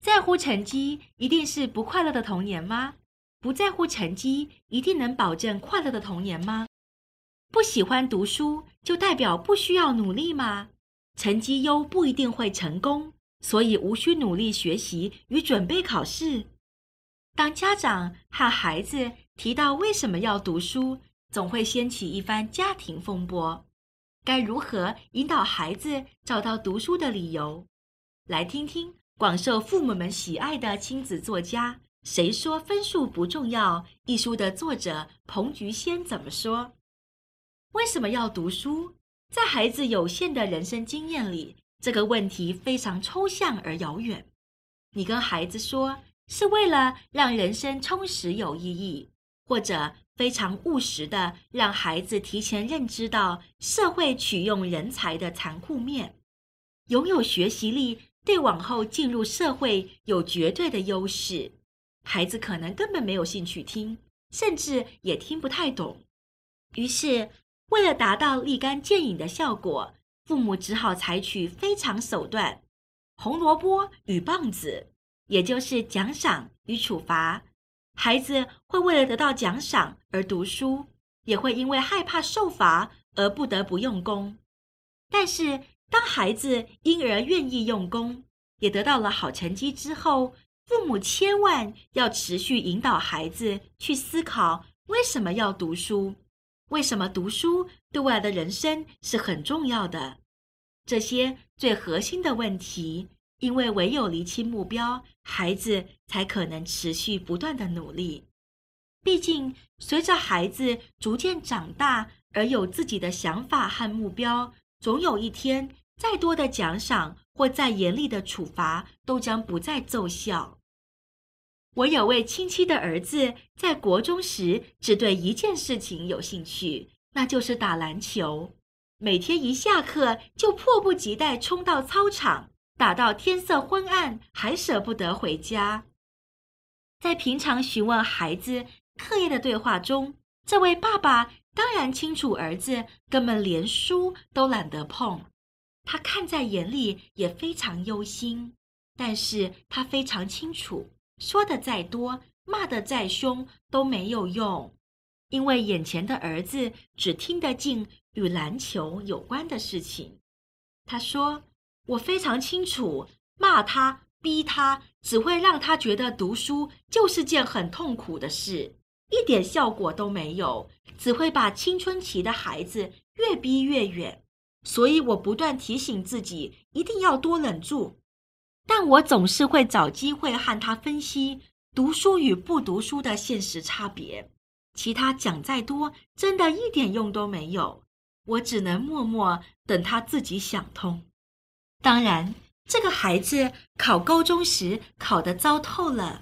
在乎成績一定是不快樂的童年嗎？不在乎成績一定能保證快樂的童年嗎？不喜歡讀書就代表不需要努力嗎？成績優不一定會成功，所以無需努力學習與準備考試。當家長和孩子提到為什麼要讀書，總會掀起一番家庭風波。該如何引導孩子找到讀書的理由？來聽聽廣受父母們喜愛的親子作家《誰說分數不重要》一書的作者彭菊仙怎麼說。為什麼要讀書？在孩子有限的人生經驗裡，這個問題非常抽象而遙遠。你跟孩子說，是為了讓人生充實有意義，或者非常務實地讓孩子提前認知到社會取用人才的殘酷面。擁有學習力對往後進入社會有絕對的優勢，孩子可能根本沒有興趣聽，甚至也聽不太懂。於是，為了達到立竿見影的效果，父母只好採取非常手段——紅蘿蔔與棒子。也就是獎賞與處罰，孩子會為了得到獎賞而讀書，也會因為害怕受罰而不得不用功。但是，當孩子因而願意用功，也得到了好成績之後，父母千萬要持續引導孩子去思考為什麼要讀書，為什麼讀書對未來的人生是很重要的，這些最核心的問題。因為唯有釐清目標，孩子才可能持續不斷的努力。畢竟，隨着孩子逐漸長大，而有自己的想法和目標，總有一天，再多的獎賞或再嚴厲的處罰都將不再奏效。我有位親戚的兒子，在國中時只對一件事情有興趣，那就是打籃球。每天一下課，就迫不及待衝到操場。打到天色昏暗，還捨不得回家。在平常詢問孩子課業的對話中，這位爸爸當然清楚兒子根本連書都懶得碰。他看在眼裡也非常憂心，但是他非常清楚，說得再多，罵得再凶都沒有用，因為眼前的兒子只聽得進與籃球有關的事情。他說。我非常清楚，罵他、逼他，只會讓他覺得讀書就是件很痛苦的事，一點效果都沒有，只會把青春期的孩子越逼越遠。所以我不斷提醒自己，一定要多忍住。但我總是會找機會和他分析讀書與不讀書的現實差別，其他講再多，真的一點用都沒有。我只能默默等他自己想通。當然，這個孩子考高中時考得糟透了。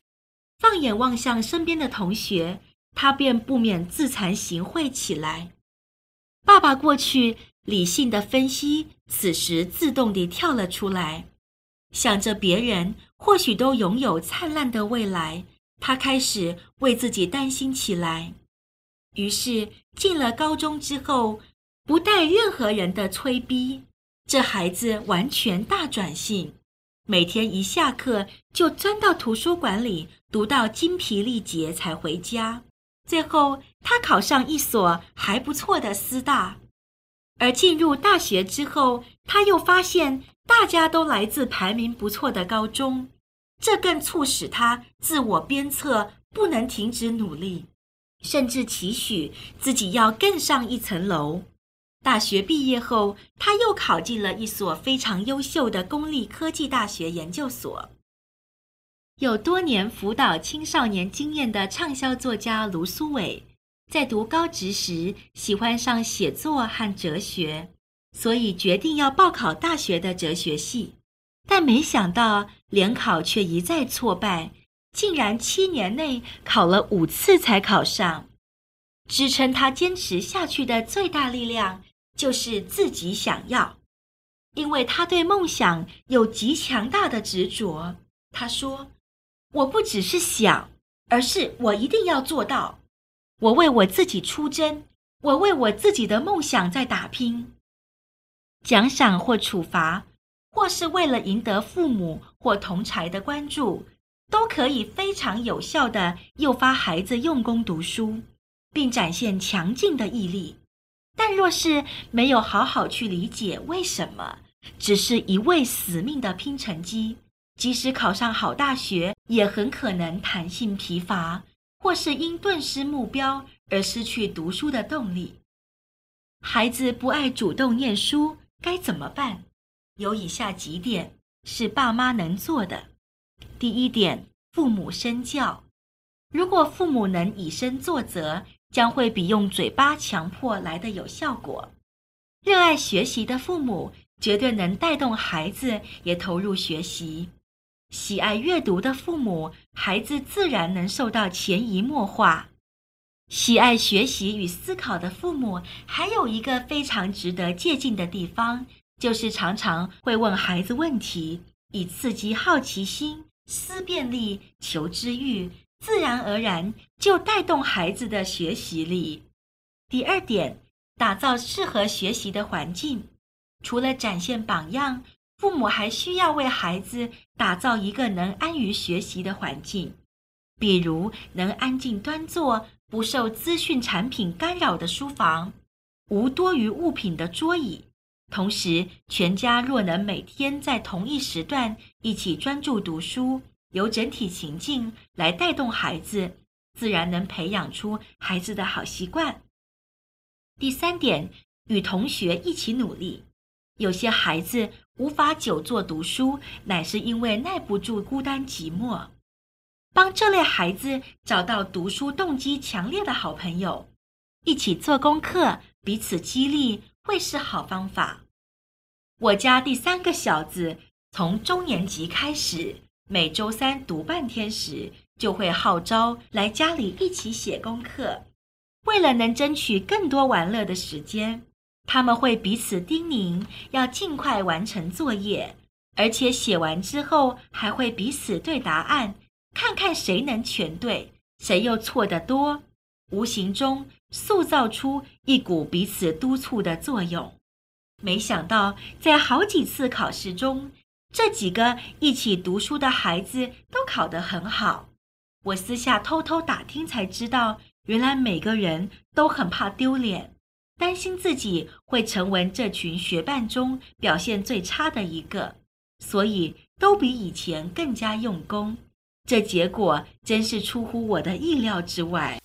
放眼望向身邊的同學，他便不免自慚形穢起來。爸爸過去理性的分析，此時自動地跳了出來，想着別人或許都擁有燦爛的未來，他開始為自己擔心起來。於是進了高中之後，不待任何人的催逼。這孩子完全大轉性，每天一下課就鑽到圖書館裡讀到精疲力竭才回家。最後，他考上一所還不錯的私大，而進入大學之後，他又發現大家都來自排名不錯的高中，這更促使他自我鞭策，不能停止努力，甚至期許自己要更上一層樓。大學畢業後，他又考進了一所非常優秀的公立科技大學研究所。有多年輔導青少年經驗的暢銷作家盧蘇偉，在讀高職時喜歡上寫作和哲學，所以決定要報考大學的哲學系。但沒想到聯考卻一再挫敗，竟然七年內考了五次才考上。支撐他堅持下去的最大力量，就是自己想要，因為他對夢想有極強大的執着。他說：“我不只是想，而是我一定要做到。我為我自己出征，我為我自己的夢想在打拼。獎賞或處罰，或是為了贏得父母或同儕的關注，都可以非常有效地誘發孩子用功讀書，並展現強勁的毅力。”但若是沒有好好去理解為什麼，只是一味死命的拼成績，即使考上好大學，也很可能彈性疲乏，或是因頓失目標而失去讀書的動力。孩子不愛主動念書該怎麼辦？有以下幾點是爸媽能做的。第一點，父母身教。如果父母能以身作則，將會比用嘴巴強迫來得有效果。熱愛學習的父母，絕對能帶動孩子也投入學習；喜愛閱讀的父母，孩子自然能受到潛移默化；喜愛學習與思考的父母，還有一個非常值得借鑑的地方，就是常常會問孩子問題，以刺激好奇心、思辨力、求知欲。自然而然就帶動孩子的學習力。第二點，打造適合學習的環境。除了展現榜樣，父母還需要為孩子打造一個能安於學習的環境，比如能安靜端坐、不受資訊產品干擾的書房，無多餘物品的桌椅。同時，全家若能每天在同一時段一起專注讀書，由整體情境來帶動孩子，自然能培養出孩子的好習慣。第三點，與同學一起努力。有些孩子無法久坐讀書，乃是因為耐不住孤單寂寞。幫這類孩子找到讀書動機強烈的好朋友，一起做功課，彼此激勵，會是好方法。我家第三個小子從中年級開始，每週三讀半天時，就會號召來家裡一起寫功課。為了能爭取更多玩樂的時間，他們會彼此叮嚀要盡快完成作業，而且寫完之後還會彼此對答案，看看誰能全對，誰又錯得多。無形中塑造出一股彼此督促的作用。沒想到，在好幾次考試中，這幾個一起讀書的孩子都考得很好。我私下偷偷打聽才知道，原來每個人都很怕丟臉，擔心自己會成為這群學伴中表現最差的一個，所以都比以前更加用功。這結果真是出乎我的意料之外。